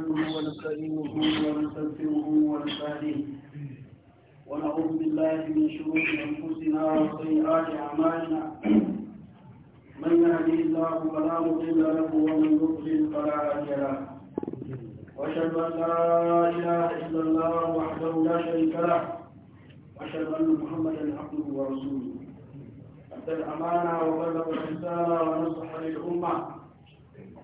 نحمده ونستعينه ونستغفره ونستهديه ونعوذ بالله من شرور انفسنا وسيئات اعمالنا من يهدي الله فلا مضل له ومن يضلل فلا هادي له واشهد ان لا اله الا الله وحده لا شريك له واشهد ان محمدا عبده ورسوله ادى الامانه وبلغ الرساله ونصح للامه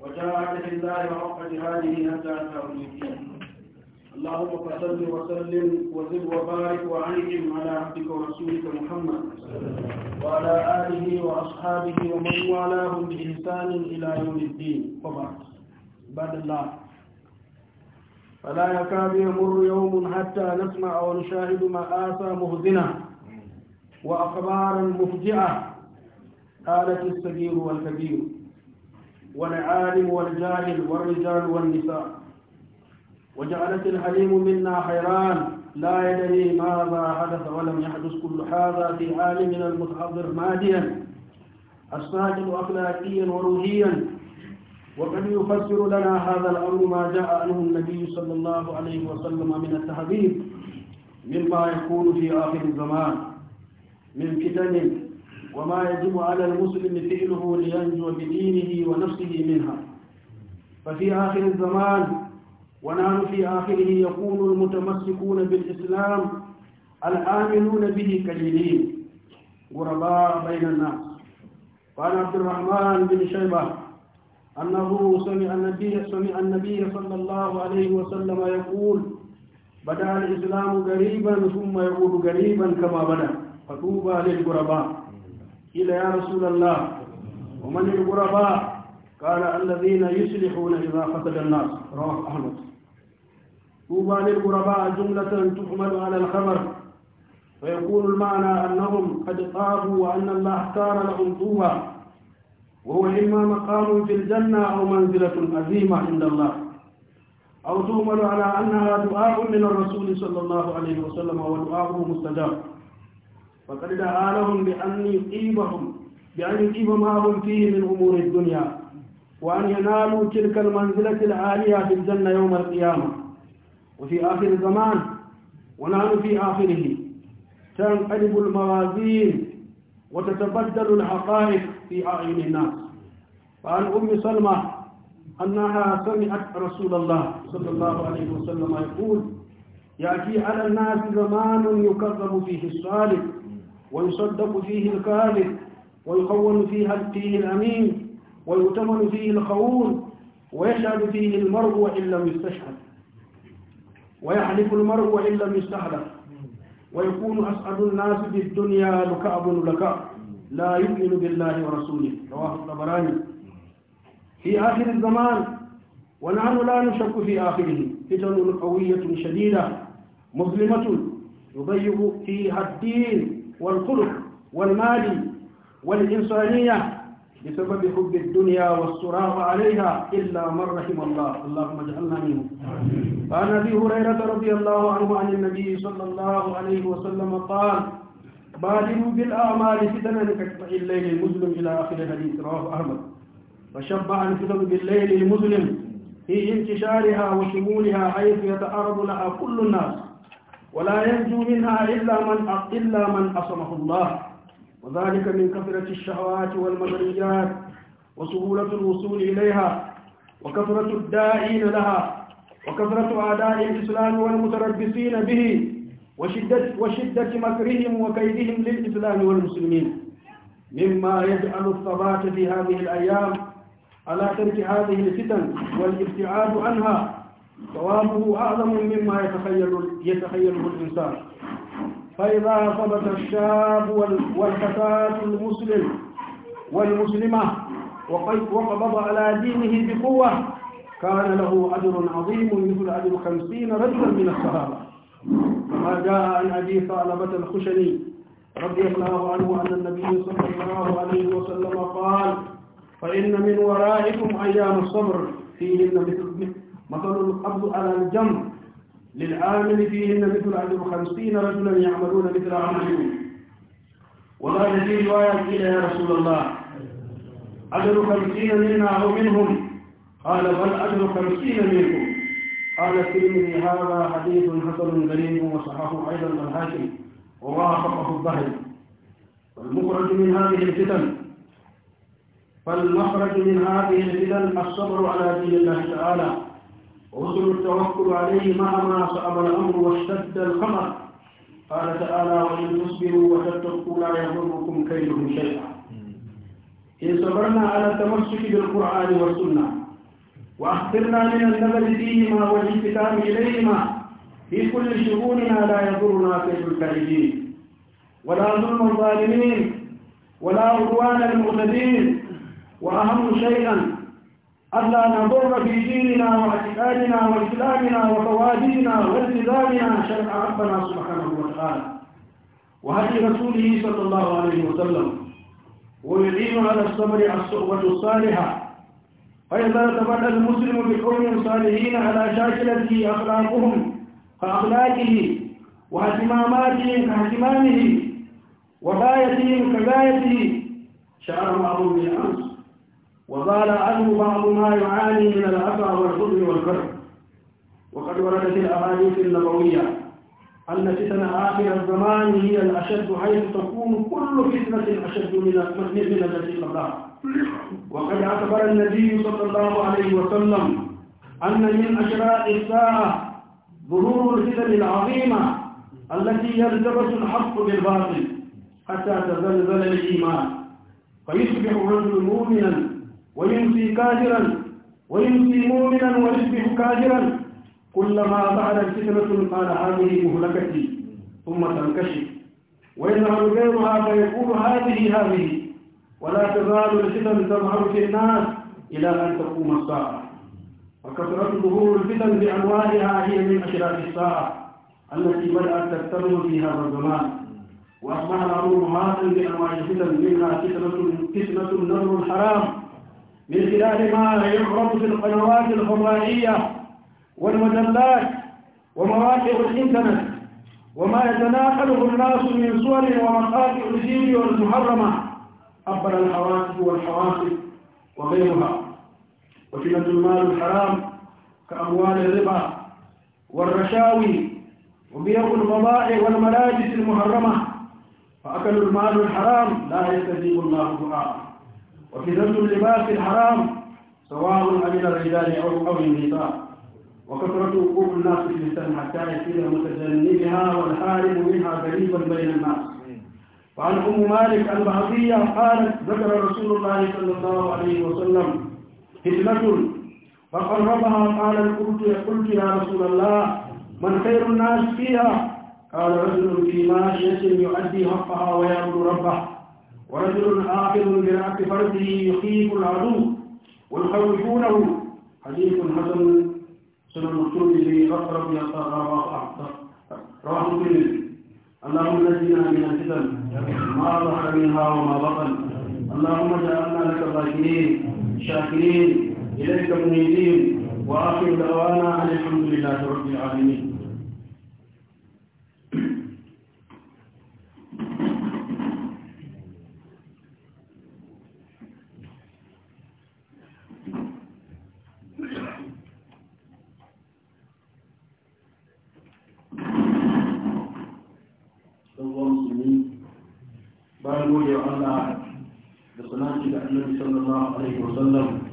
وجاءت لله الله هذه جهاده المسلمين اللهم فصل وسلم وزد وبارك وعنهم على عبدك ورسولك محمد وعلى آله وأصحابه ومن والاهم بإحسان إلى يوم الدين وبعد بعد الله فلا يكاد يمر يوم حتى نسمع ونشاهد مآسى مهزنة وأخبارا مفجعة قالت الصغير والكبير والعالم والجاهل والرجال والنساء وجعلت الحليم منا حيران لا يدري ماذا حدث ولم يحدث كل هذا في عالمنا المتحضر ماديا الساجد أخلاقيا وروحيا وقد يفسر لنا هذا الأمر ما جاء عنه النبي صلى الله عليه وسلم من التهذيب مما يكون في آخر الزمان من فتن وما يجب على المسلم فعله لينجو بدينه ونفسه منها ففي آخر الزمان ونحن في آخره يكون المتمسكون بالإسلام الآمنون به كليلين غرباء بين الناس قال عبد الرحمن بن شيبة أنه سمع النبي سمع النبي صلى الله عليه وسلم يقول بدأ الإسلام قريبا ثم يقول قريبا كما بدأ فطوبى للغرباء قيل يا رسول الله ومن الغرباء قال الذين يصلحون إذا قتل الناس رواه أحمد طوبى للغرباء جملة تحمل على الخبر فيكون المعنى أنهم قد طابوا وأن الله اختار لهم طوبى وهو إما مقام في الجنة أو منزلة عظيمة عند الله أو تؤمل على أنها دعاء من الرسول صلى الله عليه وسلم ودعاءه مستجاب فقد دعا لهم بأن يقيمهم بأن يقيم ما هم فيه من أمور الدنيا وأن ينالوا تلك المنزلة العالية في الجنة يوم القيامة وفي آخر الزمان ونحن في آخره تنقلب الموازين وتتبدل الحقائق في أعين الناس فعن أم سلمة أنها سمعت رسول الله صلى الله عليه وسلم يقول يأتي على الناس زمان يكذب فيه الصالح ويصدق فيه الكاذب ويخون فيه الأمين ويؤتمن فيه الخون ويشهد فيه المرء وإن لم يستشهد ويحلف المرء وإن لم يستحلف ويكون أسعد الناس في الدنيا لكعب لكعب لا يؤمن بالله ورسوله رواه الطبراني في آخر الزمان ونحن لا نشك في آخره فتن قوية شديدة مظلمة يضيق فيها الدين والخلق والمال والإنسانية بسبب حب الدنيا والصراخ عليها إلا من رحم الله اللهم اجعلنا منه فعن أبي هريرة رضي الله عنه عن النبي صلى الله عليه وسلم قال بادروا بالأعمال فتنة كقطع الليل المظلم إلى آخر الحديث رواه أحمد وشبع الفتن بالليل المظلم في انتشارها وشمولها حيث يتعرض لها كل الناس ولا ينجو منها إلا من إلا من أصمه الله وذلك من كثرة الشهوات والمغريات وسهولة الوصول إليها وكثرة الداعين لها وكثرة أعداء الإسلام والمتربصين به وشدة, وشدة مكرهم وكيدهم للإسلام والمسلمين مما يجعل الثبات في هذه الأيام على ترك هذه الفتن والابتعاد عنها ثوابه أعظم مما يتخيل يتخيله الإنسان فإذا ثبت الشاب والفتاة المسلم والمسلمة وقبض على دينه بقوة كان له أجر عظيم مثل أجر خمسين رجلا من الصحابة كما جاء عن أبي ثعلبة الخشني رضي الله عنه أن النبي صلى الله عليه وسلم قال فإن من ورائكم أيام الصبر فيهن مثل مثل القبض على الجمع للعامل فيهن مثل أجر خمسين رجلا يعملون مثل عملهم وما في رواية قيل يا رسول الله أجر خمسين منا أو منهم قال بل أجر خمسين منكم قال الترمذي هذا حديث حسن غريب وصححه أيضا الحاكم ووافقه الظهر والمخرج من هذه الفتن فالمخرج من هذه الفتن الصبر على دين الله تعالى ورسل التوكل عليه مهما صعب الأمر واشتد الخمر قال تعالى وإن تصبروا وتتقوا لا يضركم كيدهم شيئا إن صبرنا على التمسك بالقرآن والسنة وأخبرنا من النبل فيهما والالتزام إليهما في كل شؤوننا لا يضرنا كيد الكائدين ولا ظلم الظالمين ولا عدوان المعتدين وأهم شيئا ألا نضر في ديننا واعتقادنا وإسلامنا وتوادينا والتزامنا شرع ربنا سبحانه وتعالى وهدي رسوله صلى الله عليه وسلم ويعين على الصبر الصحبة الصالحة فإذا تبدا المسلم بكون صالحين على شاكلته أخلاقهم كأخلاقه واهتماماتهم كاهتمامه وغايتهم كغايته شعر معروف بالأمس وزال عنه بعض ما يعاني من الأسى والحزن والكرب وقد وردت الأحاديث النبوية أن فتن آخر الزمان هي الأشد حيث تكون كل فتنة أشد من من التي قبلها وقد اعتبر النبي صلى الله عليه وسلم أن من أشراء الساعة ظهور الفتن العظيمة التي يلتبس الحق بالباطل حتى تزلزل الإيمان فيصبح الرجل مؤمنا ويمسي كاجرا ويمسي مؤمنا ويصبح كاجرا كلما بعد فتنة قال هذه مهلكتي ثم تنكشف ويظهر غيرها فيقول هذه هذه ولا تزال الفتن تظهر في الناس إلى أن تقوم الساعة وكثرة ظهور الفتن بأنواعها هي من أشراف الساعة التي بدأت تستمر في هذا الزمان وأصبح الأمر معاصا بأنواع الفتن منها فتنة فتنة النذر الحرام من خلال ما يعرض في القنوات الفضائية والمجلات ومواقع الإنترنت وما يتناقله الناس من صور ومقاطع الجيل والمحرمة عبر الحواسب والحواسب وغيرها وفي المال الحرام كأموال الربا والرشاوي وبيع البضائع والملابس المحرمة فأكل المال الحرام لا يستجيب الله دعاءه وفتنة اللباس الحرام سواء أمن الرجال أو أو النساء وكثرة وقوف الناس في الفتن حتى يصير متجنبها والحارب منها غريبا بين الناس وعن أم مالك البعضية قالت ذكر رسول الله صلى الله عليه وسلم فتنة فقربها قال قلت قلت يا رسول الله من خير الناس فيها قال رجل في ماشية يؤدي حقها ويعبد ربه ورجل آخذ برأس فرده يخيف العدو ويخوفونه حديث حسن سنة الترمذي غفر بها رواه مسلم اللهم نجنا من الفتن ما ظهر منها وما بطن اللهم اجعلنا لك ذاكرين شاكرين اليك منيبين واخر دعوانا ان الحمد لله رب العالمين alaihi wasallam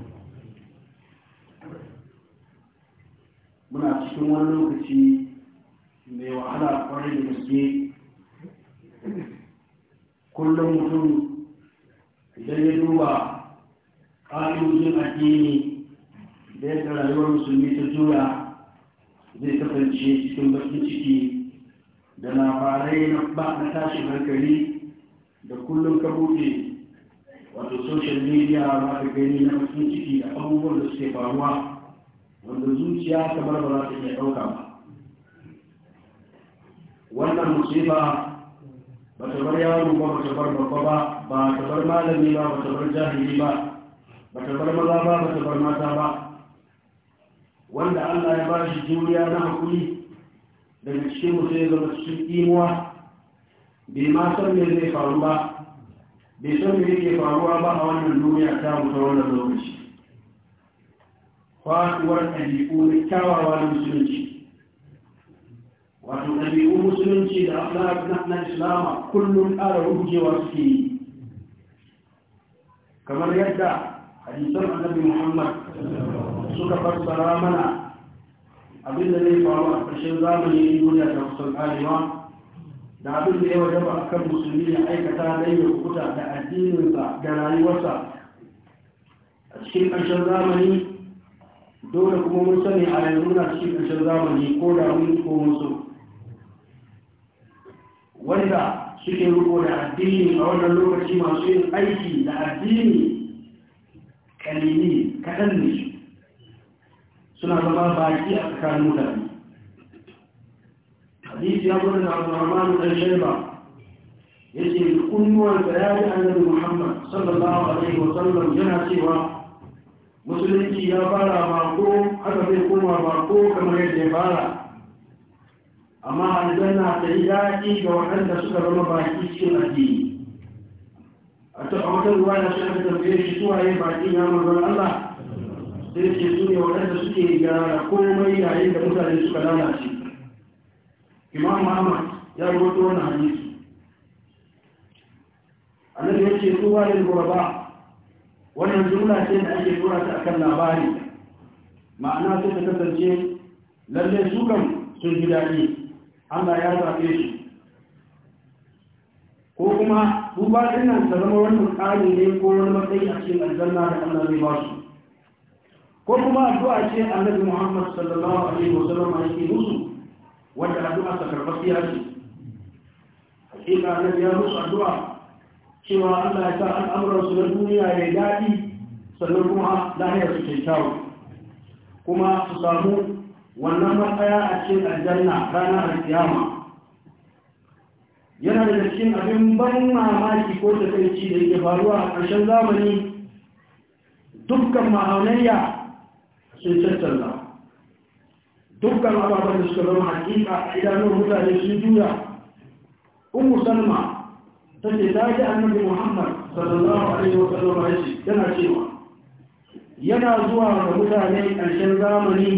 muna cikin wani lokaci mai wahala kwarai da gaske kullum mutum idan ya duba ƙa'idojin addini da yadda rayuwar musulmi ta juya zai kasance cikin bakin ciki da labarai na ba na tashin hankali da kullum ka buɗe da social media ba da gani na cikin ciki da abubuwan da suke faruwa wanda zuciya ta ba ta iya ɗauka ba wannan musiba ba ta bar yaro ba ba ta bar babba ba ba ta bar malami ba ba ta bar jahili ba ba ta bar maza ba ba ta bar mata ba wanda allah ya ba shi juriya na hakuri daga cikin mutum ya zama cikin imuwa bai ma san me zai faru ba bai san me yake faruwa ba a wannan duniya ta mutu wannan lokaci Kwasuwar ɗabi'u na kyawawa na musulunci wato ɗabi'u musulunci da aflarak na islama kullum ƙara rujewa suke yi kamar yadda hadisan annabi muhammad suka fassara mana abinda zai faru a ƙarshen zamani duniya ta kusan arewa da abin da ya wajaba a kan musulmi ya aikata don ya kuta da addininsa da rayuwarsa a cikin ƙarshen zamani dole kuma mun sani a yanzu na cikin ƙarshen zamani ko da mun ko mun so wanda suke riko da addini a wannan lokaci masu yin aiki da addini kalili kaɗan ne suna zama baki a tsakanin mutane hadisi ya gudu da abdurrahman dan shaiba yace kunnuwan da ya ji annabi muhammad sallallahu alaihi wa sallam yana cewa musulunci ya fara bako haka zai koma bako kamar yadda ya fara amma aljanna ta yi daɗi ga waɗanda suka zama baki cikin addini a tabbatar ruwa da suka tambaye shi suwa yin baki na manzon Allah sai ce su ne waɗanda suke gyara komai yayin da mutane suka lalace imam ahmad ya rubuta wannan hadisi annabi yace ku ya gurba wannan jumla ce da ake tura ta akan labari ma'ana sai ta kasance lalle su kan sun ji daɗi Allah ya zaɓe su ko kuma duba ɗin nan ta zama wannan ƙari ne ko wani matsayi a cikin aljanna da Allah zai ba su ko kuma addu'a ce annabi Muhammad sallallahu alaihi wasallam yake musu wanda addu'a ta karɓaɓɓiya ce hakika annabi ya musu addu'a cewa Allah ya sa al'amuran su na duniya ya daɗi sannan kuma lahiyar su kyakkyawa kuma su samu wannan matsaya a cikin aljanna ranar alkiyama yana da cikin abin ban mamaki ko takaici da yake faruwa a ƙarshen zamani dukkan ma'aunayya sun cancanta dukkan ababen da suka zama hakika idanun mutane sun juya umu salma ta ce ta ji annabi muhammad sallallahu alaihi wa sallam ya ce yana cewa yana zuwa ga mutane karshen zamani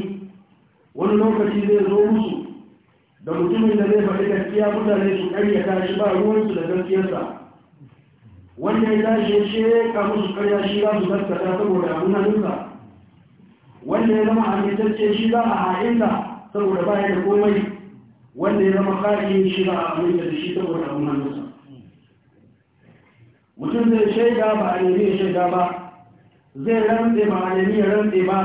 wani lokaci zai zo musu da mutumin da zai faɗi gaskiya mutane su ta shi ba ruwansu da gaskiyarsa wanda ya tashi ya sheka musu ƙarya shi za su gaskata saboda abin wanda ya zama amintacce shi za a ha'inta saboda baya da komai wanda ya zama kariyin shi za a Amurka da shi saboda abin hannunsa mutum zai shaida ba a nemi ya shaida ba zai rantse ba a nemi rantse ba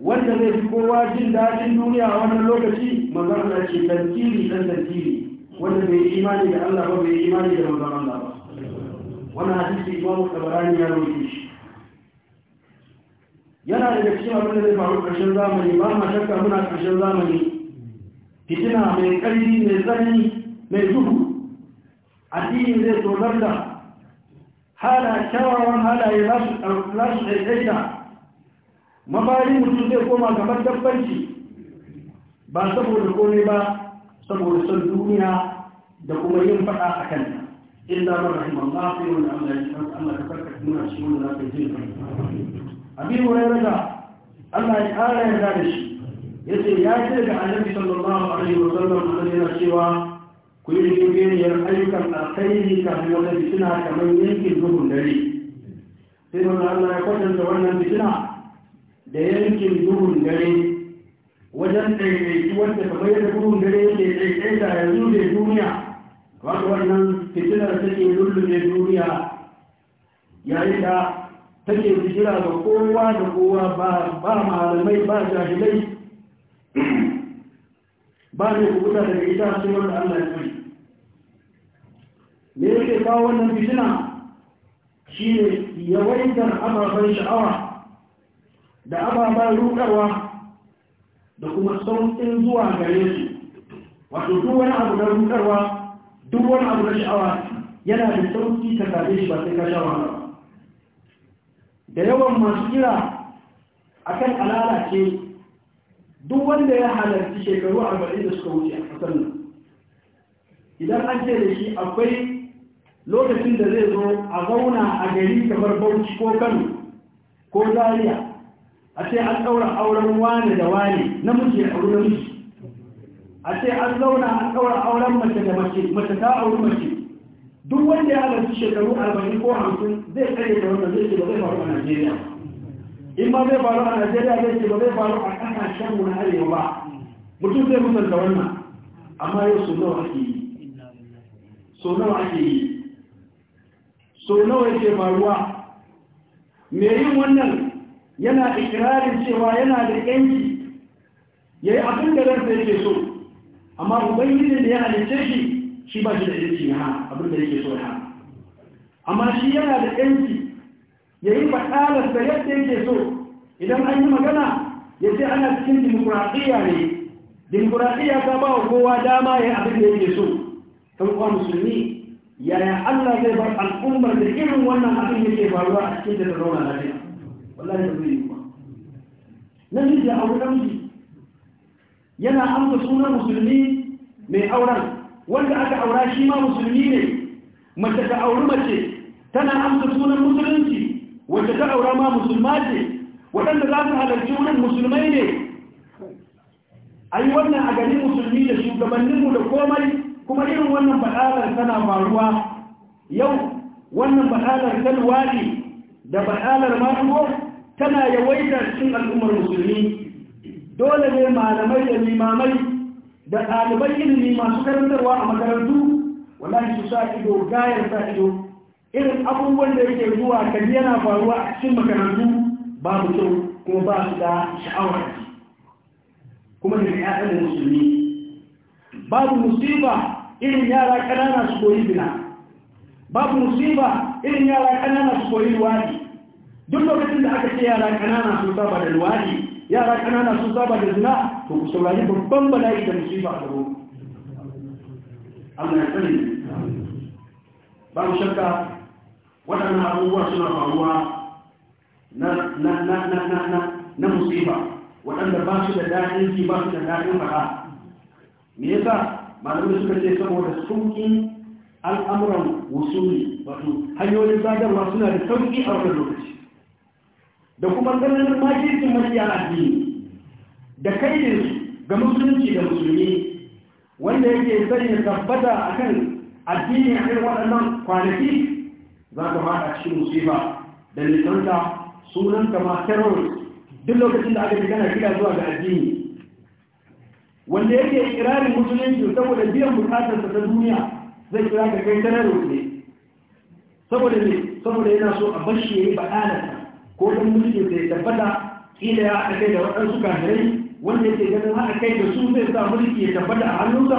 wanda zai fi kowa jin daɗin duniya a wannan lokaci manzon ce dan tiri dan tiri wanda bai imani da Allah ba bai imani da manzon ba wani hadisi mu Tabarani ya rawaito shi yana da cikin abin da zai faru ƙarshen zamani ba ma shakka muna ƙarshen zamani fitina mai ƙarfi mai tsanani mai duhu addini zai tozar da hala kyawawan halaye za su ɗaiɗaita mabayin mutum zai koma kamar dabbanci ba saboda komai ba saboda son duniya da kuma yin faɗa a kan illa ba rahimar lafiya wani amma ya ci allah ta farka suna shi wani za ka yi ya hurairata Allah ya ƙara yarda da shi yace ya ce da annabi sallallahu alaihi wa sallam annabi yana cewa ku yi rigigeniyar ayyukan alkhairi kafin wata fitina kamar yankin duhun dare sai wanda Allah ya kwatanta wannan fitina da yankin duhun dare wajen wanda da kamar da duhun dare yake ɗaiɗaita yanzu da duniya kamar wannan fitinar take lullube duniya yayin da take jira ga kowa da kowa ba malamai ba jahilai ba ne kuta daga ita sun wanda Allah ya kai me yake kawo wannan fitina shine yawaitar ababen sha'awa da ababen rukarwa da kuma sauƙin zuwa gare su wato duk wani abu na rukarwa duk wani abu na sha'awa yana da sauki ta kaɗe shi ba sai ka sha wahala da yawan masu kira a kan alalace duk wanda ya halarci shekaru al-bari da suka wuce a kasar nan idan an ce da shi akwai lokacin da zai zo a zauna a gari kamar bauchi ko kano ko zariya a ce an ɗaura auren wane da wane mace a wurin a ce an zauna an ɗaura auren mace da mace mace ta auri mace duk wanda ya halarci shekaru arba'in ko hamsin zai tsaye da wannan zai ce ba zai faru a najeriya in ma zai faru a najeriya zai ce ba zai faru a kasashen mu na arewa ba mutum zai musanta wannan amma yau so nawa ake yi so nawa ake yi so nawa yake faruwa me yin wannan yana ikirarin cewa yana da yanki ya yi abin da ransa yake so amma ubangiji da ya halice shi shi ba shi da yanci ha hana abin da yake so ha amma shi yana da yanci ya yi da yadda yake so idan an yi magana ya ce ana cikin dimokuraɗiyya ne dimokuraɗiyya ta ba wa kowa dama ya yi abin da yake so kan kuwa musulmi yaya allah zai bar al'ummar da irin wannan abin yake faruwa a cikin da ta zauna jiya wallahi ba zai yi ba namiji a wurin yana amsa sunan musulmi mai auren wanda aka aura shi ma musulmi ne mace ta auri mace tana amsa sunan musulunci wacce ta aura ma musulma ce waɗanda za su halarci wurin musulmai ne a yi wannan a garin musulmi da shugabanninmu da komai kuma irin wannan baɗalar tana faruwa yau wannan baɗalar ta da baɗalar mako tana yawaitar cin al'ummar musulmi dole ne malamai da limamai da ɗaliban ilimi masu karantarwa a makarantu wala su sa ido gayar sa ido irin abubuwan da yake zuwa kan yana faruwa a cikin makarantu babu kyau kuma ba su da sha'awar kuma da ya'yan da musulmi babu musiba irin yara ƙanana su koyi bina babu musiba irin yara ƙanana su koyi luwadi duk lokacin da aka ce yara ƙanana su saba da luwadi yara ƙanana su saba da zina to ku saurari babban bala'i da musiba a gaba Allah ya tsare ba mu shakka waɗannan abubuwa suna faruwa na na na na na na na waɗanda ba su da daɗin ji ba su da daɗin faɗa me yasa malamai suka ce saboda sauƙin al'amuran wusuli wato hanyoyin sadarwa suna da sauƙi a wannan lokaci da kuma ganin makircin mafiya addini da kaidinsu ga musulunci da musulmi wanda yake sanya tabbata a kan addini a irin waɗannan kwanaki za ka a cikin musifa da nisanta sunan kama terrorist duk lokacin da aka fi gana kira zuwa ga addini wanda yake kirarin musulunci saboda biyan bukatarsa ta duniya zai kira ka kai terrorist ne saboda ne saboda yana so a bashi ya yi baɗanarsa ko ɗan mulkin zai tabbata ila ya haɗa kai da waɗansu kafirai wanda ke ganin haka kai da su zai sa mulki ya tabbata a hannunsa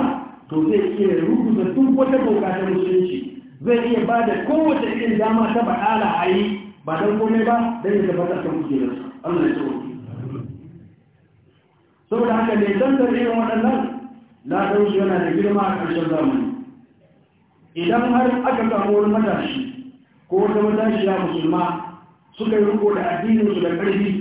to zai iya da duk wata boka ta musulunci zai iya ba da kowace irin dama ta baɗala a yi ba don komai ba don ya tabbata kan kujerarsa Allah ya tsawo saboda haka ne tantar irin waɗannan ladarsu yana da girma a ƙarshen zamani idan har aka samu wani matashi ko wata matashiya musulma suka yi riko da su da ƙarfi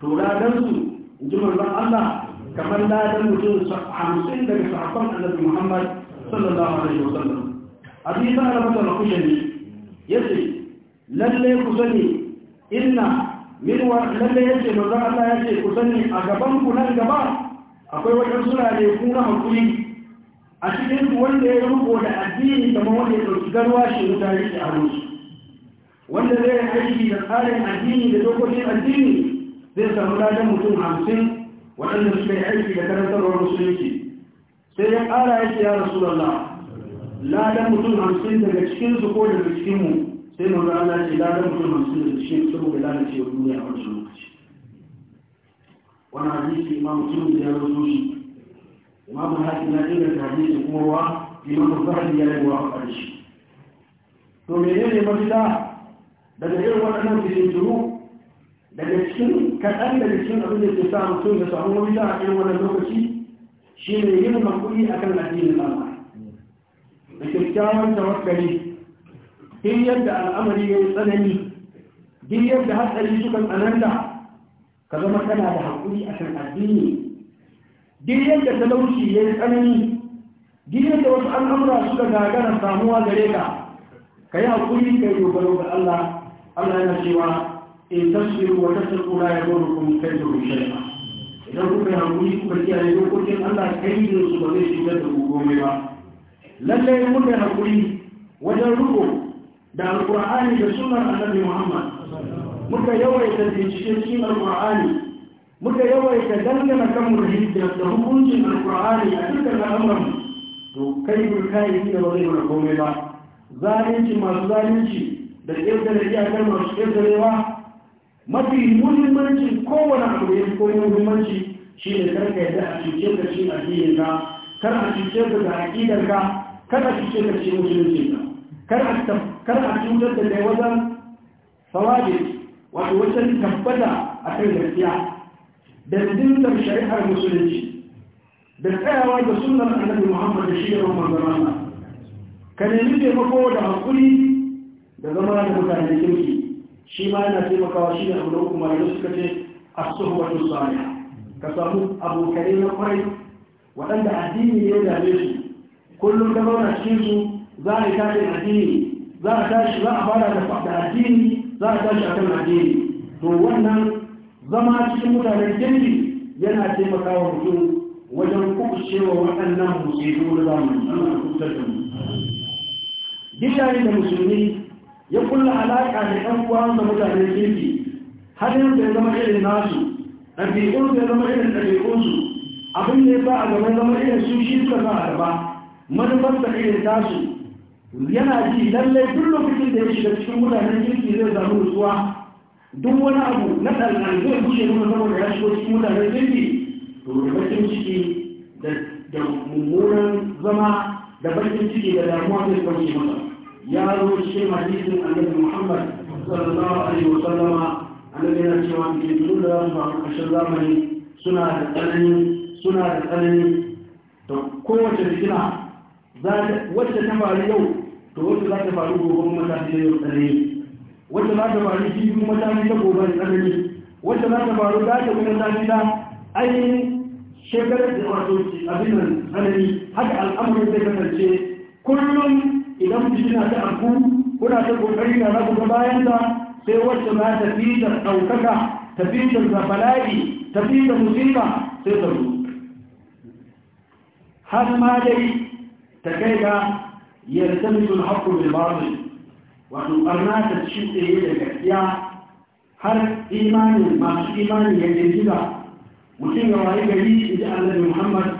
to ladarsu in ji manzon Allah kamar ladan mutum hamsin daga sahabban annabi Muhammad sallallahu alaihi wasallam abi sa da mutum kushani yace lalle ku sani inna min wa lalle yace manzon Allah yace ku sani a gaban ku nan gaba akwai wajen surare ku na hakuri a cikin wanda ya rubo da addini kamar wanda ya ɗauki garwa shi mutane shi a wanda zai aiki da tsarin addini da dokokin addini sai samu ladan mutum hamsin waɗanda suka yi aiki da karantarwar musulunci sai ya ƙara yake ya rasu lalla ladan mutum hamsin daga cikinsu ko daga cikinmu sai maza Allah ce ladan mutum hamsin daga cikin saboda lalace wa duniya a wancan lokaci wani hadisi imam mutum da ya rasu shi imam hakim na inganta hadisi kuma wa imam zahari ya rabuwa a ƙarshe to menene mafita daga irin waɗannan fitintunu daga cikin kaɗan da cikin abin da ke sa mutum ya samu wani a irin wannan lokaci shi ne yin makuri a kan addinin Allah da kyakkyawan tawakkali duk yadda al'amari ya yi tsanani duk yadda hatsari suka tsananta ka zama kana da haƙuri a kan addini duk yadda talauci ya yi tsanani duk yadda wasu al'amura suka gagara samuwa gare ka ka yi haƙuri ka yi dogaro ga Allah Allah yana cewa in tasiru wa tattaqu la yadurukum kayduhum shay'a idan kuka hankuli kuka kiyaye dokokin Allah ne su ba zai shigar da ku komai ba lalle in kuka hankuli wajen rubo da alqur'ani da sunnar annabi Muhammad muka yawaita da cikin alqur'ani muka yawaita dangana kan da da hukuncin alkur'ani a cikin al'amuran to kai mun kai shi da wani mana komai ba zalunci masu zalunci da ƙirƙirar iyakar masu ƙirƙirewa mafi muhimmanci kowane abu ya ko muhimmanci shi ne karka yadda a cuce ka shi addinin ka kar a cuce ka ga aƙidar ka kar a cuce ka shi musulunci ka kar a cutar da kai wajen sawabi wato wajen tabbata a kan gaskiya da dindar shari'ar musulunci da tsayawa da sunan annabi muhammad da shi ne manzon Allah ka nemi taimako da hakuri da zama da mutane kirki shi ma yana taimakawa shi ne abu na uku malamai suka ce a suhuwatu saniya ka samu abokanai na kwarai waɗanda addini ya dame su kullum ka zauna cikin su za a yi tashin addini za a tashi za a fara da addini za a tashi akan addini to wannan zama cikin mutanen kirki yana taimakawa mutum wajen kuɓucewa waɗannan musibu na zamani ana kuɓutar da mu. Gidayen da musulmi ya kulla alaƙa da ɗan uwan da mutane kirki Har da ya zama irin nasu ɗabi'un da ya zama irin ɗabi'unsu abin da ya ba a gaba zama irin su shi suka sa a gaba manufar da irin tasu yana ji lallai duk lokacin da ya shiga cikin mutanen kirki zai zama nutsuwa duk wani abu na ɗalɗal zai bushe nuna saboda ya shigo cikin mutanen kirki to bakin ciki da mummunan zama da bakin ciki da damuwa zai kwanci masa ya zo shi hadisin annabi muhammad sallallahu alaihi wa sallama annabi yana cewa fitintun da su zamani suna da tsanani suna da tsanani kowace fitina wacce ta faru yau to wacce za ta faru gobe matashi yau tsanani wacce za ta faru shi kuma matashi ta gobe tsanani wacce za ta faru za ta kuma tashi ta ainihin shekarar da wato abin nan tsanani haka al'amarin zai kasance kullum idan fitina ta abu kuna ta kokari na na kuma bayan ta sai wacce za ta fi da ɗaukaka ta fi da zafala'i ta fi da musiba sai ta zo har ma dai ta kai ga يلتمس الحق بالباطل وتقرنا تشد إلى الكتيا هل إيمان ما إيمان يجلسها وكما رأيك لي إذا النبي محمد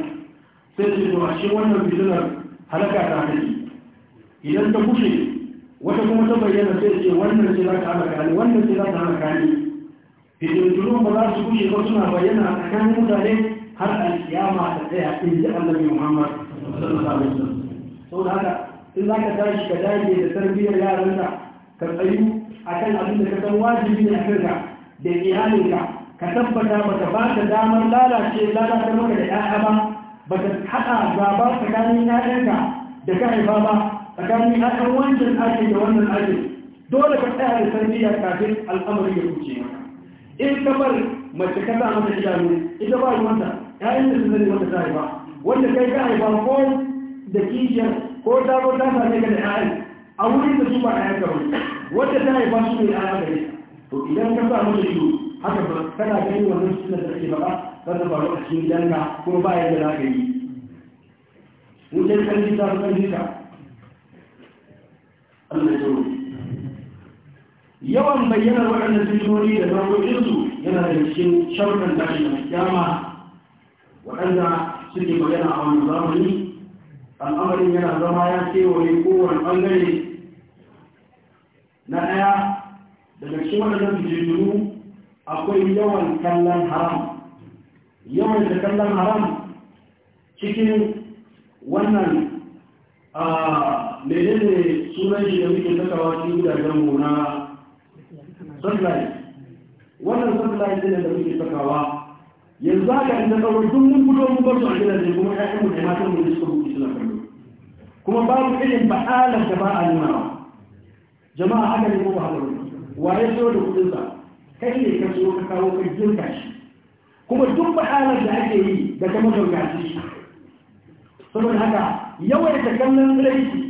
sai da shi ashe wannan fitinar halaka ta haɗi idan ta kushe wata kuma ta bayyana sai ce wannan ce za ta halaka ne wannan ce za ta halaka ne fitintunan ba za su kushe ba suna bayyana a tsakanin mutane har alkiyama ta tsaya in ji annabi muhammad sau da haka in za ka tashi ka dage da tarbiyyar yaranka ka tsayu a kan abin da ka san wajibi ne a kanka da iyalinka ka tabbata ba ka ba ta damar lalace lalata maka da 'ya'ya ba ba ta haɗa gaba tsakanin ƴaƴanka da ka haifa ba tsakanin ƴaƴan wancan ake da wannan ake dole ka tsaya da tarbiyya kafin al'amari ya wuce in ka bar mace ka sa mata idanu ita ba ruwanta ƴaƴan da su zai wanda ta haifa wanda kai ka haifa ko da kishiyar ko ta ko ta same ka da ƴaƴan a wurin da su ba ƴaƴan ka wani wanda ta haifa su ne ƴaƴan ne to idan ka sa mata ido haka ba kana ganin wannan suna da ke ba. Ka ta faru a cikin gidanka ko ba yadda za yi kanji ta Allah ya yawan bayyanar waɗannan fitoni da nau'o'insu yana da cikin da shi da kyama waɗanda suke bayyana a wani zamani al'amarin yana zama ya kewaye kowane ɓangare na ɗaya daga cikin waɗannan fitonu akwai yawan kallon haram yawan da kallon haram cikin wannan a menene sunan shi da muke sakawa cikin gidajen mu na sunlight wannan sunlight ne da muke sakawa yanzu haka inda kawai tun mun fito mun bar su a gidaje kuma ƴaƴan mu da matan mu da suka buɗe suna kallo kuma babu irin ba'alar da ba a nuna jama'a haka ne ko ba haka waye so da kuɗinsa kai ne ka so ka kawo ka girka shi kuma duk mahalar da ake yi da kama gaugaci saboda haka yawai da kallon laifi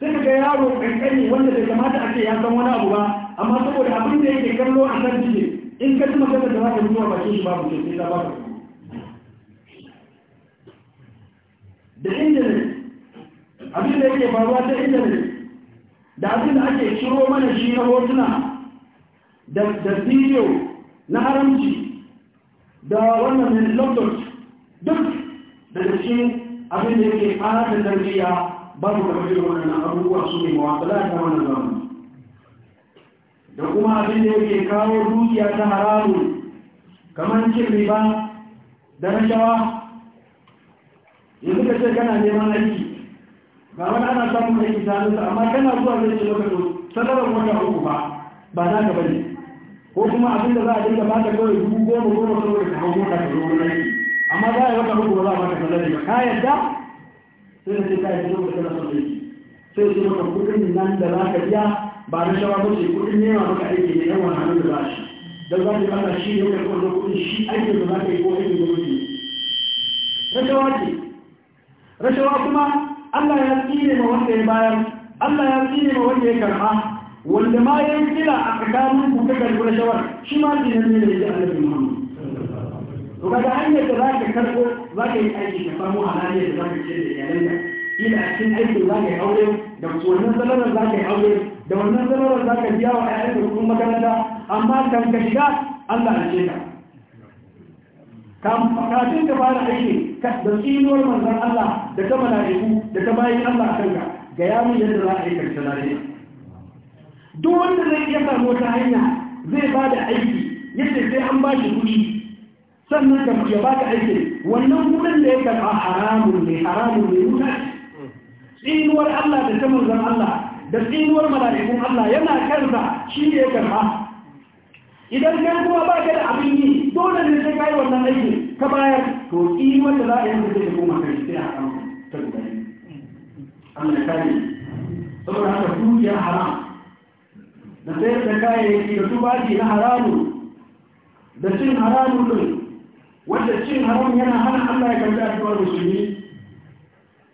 sai ka ga yaro kankani wanda bai kamata ake ya san wani abu ba amma saboda abin da yake kallo a san jiye in ka ji magana da za ka mutuwa bakin shi babu ke sai ta ba da intanet abin da yake faruwa ta intanet da abin da ake shiro mana shi na hotuna da bidiyo na haramci da wannan ne london duk daga cikin abin da yake ƙara da tarbiyya ba mu da irin wannan abubuwa su ne mawasala ta wannan zamani da kuma abin da yake kawo dukiya ta haramu kamar cin riba da rashawa yanzu ka ce kana neman aiki ba wani ana samun aiki ta amma kana zuwa zai ce lokacin sadarar wata uku ba ba za ka bane ko kuma abin da za a dinga bata kawai dubu goma goma kawai ka hau mota ka zo wani amma za a yi wata uku ba za a baka ba ka yarda sai da sai ka yi zuwa kana son aiki sai su maka kudin nan da za ka biya ba na shawa ba ce kudin nema maka aiki ne yawan hannun da ba shi don za ka kasa shi ne ka kwallo kudin shi aikin da za ka yi ko aikin da kuke rashawa ce rashawa kuma Allah ya tsine ma wanda ya bayar Allah ya tsine ma wanda ya karɓa wanda ma ya yi kira a tsakanin kuka ta na shawar shi ma ke nan ne da ya annabi muhammadu to kaga hanyar da za ka karko za ka yi aiki ka samu halaliyar da za ka ce da iyalanka ila a cikin aikin za ka yi aure da wannan salarar za ka yi aure da wannan salarar za ka biya wa ayyukan da kuɗin makaranta amma kan ka shiga Allah ya ce ka kafin ka fara aiki da tsinuwar manzan Allah da ta mala'iku da ta bayan Allah kanka ga yamin yadda za a yi karshe lafiya duk wanda zai iya samu wata hanya zai ba da aiki yadda sai an ba shi kuɗi sannan ka ya ba ka aiki wannan kuɗin da ya karɓa haramun ne haramun ne nuna tsinuwar Allah da ta manzan Allah da tsinuwar mala'ikun Allah yana kansa shi ne ya karɓa idan kai kuma ba ka da abin yi dole ne sai kai wannan aiki ka bayar to tsinuwar da za a yi da ta kai sai a kan ta gudanar Allah ya kare saboda haka dukiya haram da sayar da kayayyaki da tufafi na haramu. da cin haramu ɗin wanda cin haramu yana hana Allah ya karbi addu'ar musulmi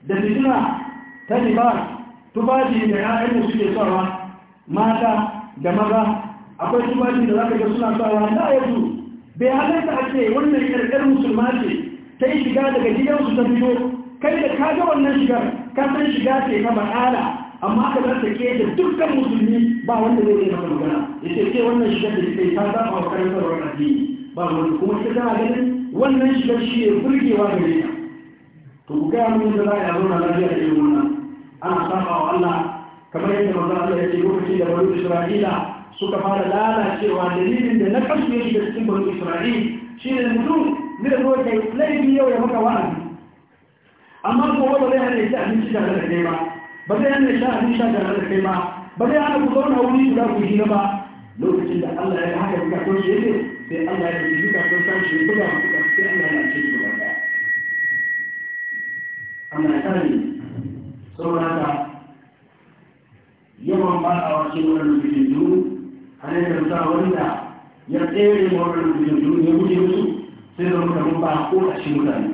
da fitina ta riba tufafi da yayan da suke sawa mata da maza akwai tufafi da zaka ga suna sawa da yanzu bai halarta a ce wannan ƙarƙar musulma ce ta yi shiga daga gidansu ta fito kai da ka ga wannan shigar ka san shiga ce ta ba'ala amma ka ke da dukkan musulmi ba wanda zai yi maka magana ya ce ke wannan shiga da kai ta zaɓa wa wakarin sarwar addini ba wani kuma ita tana ganin wannan shiga shi ne burgewa gare ta to ku gaya mun da za a zauna lafiya da irin wannan ana saba wa Allah kamar yadda maza Allah ya ce lokacin da wani Isra'ila suka fara lalacewa dalilin da na kashe ya shiga cikin wani Isra'il shi ne mutum zai zo kai laifi yau ya maka wa'azi amma kuma wani zai hana ya ci abinci da kai ba ba zai hana sha abin sha da kai ba ba zai hana ku zauna wuri guda ku hira ba lokacin da Allah ya haka buka ko shi ne sai Allah ya yi buka ko sai shi buga ku sai Allah ya ce ku ba amma sai saboda haka yawan ba a wace wannan bidiyu ana da ta wanda ya tsere wannan bidiyu ya wuce su sai da muka ba ko a shi mutane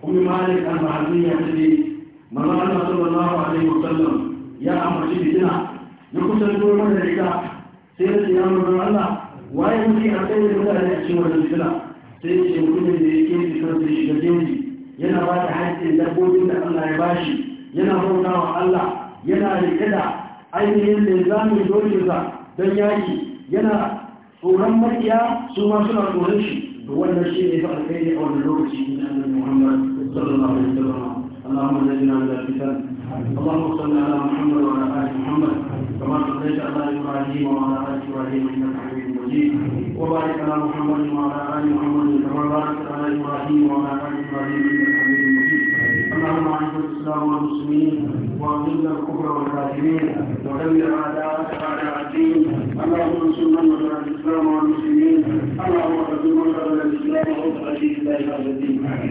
kuma malik al-mahdi ya ce manzo Allah sallallahu alaihi wasallam ya ambaci fitina na kusan dole mana da rika sai ya siya ya Allah waye muke a kai da mutane a cikin wajen fitina sai ya ce mutumin da yake fitar da da jeji yana ba da haƙƙin dabbobin da Allah ya bashi yana bauta wa Allah yana rike da ainihin da zamu dole sa don yaki yana tsoron makiya su ma suna tsoron shi da wannan shi ne fa alkai a wannan lokaci da Annabi Muhammad sallallahu alaihi wasallam اللهم اجعلنا من الفتن اللهم صل على محمد وعلى ال محمد كما صليت على ابراهيم وعلى ال ابراهيم انك حميد مجيد وبارك على محمد وعلى ال محمد كما باركت على ابراهيم وعلى ال ابراهيم انك حميد مجيد اللهم اعز الاسلام والمسلمين واذل الكفر والكافرين ودمر اعداءك اعداء الدين اللهم انصر من وجل الاسلام والمسلمين اللهم اعز من وجل الاسلام وحب الله الدين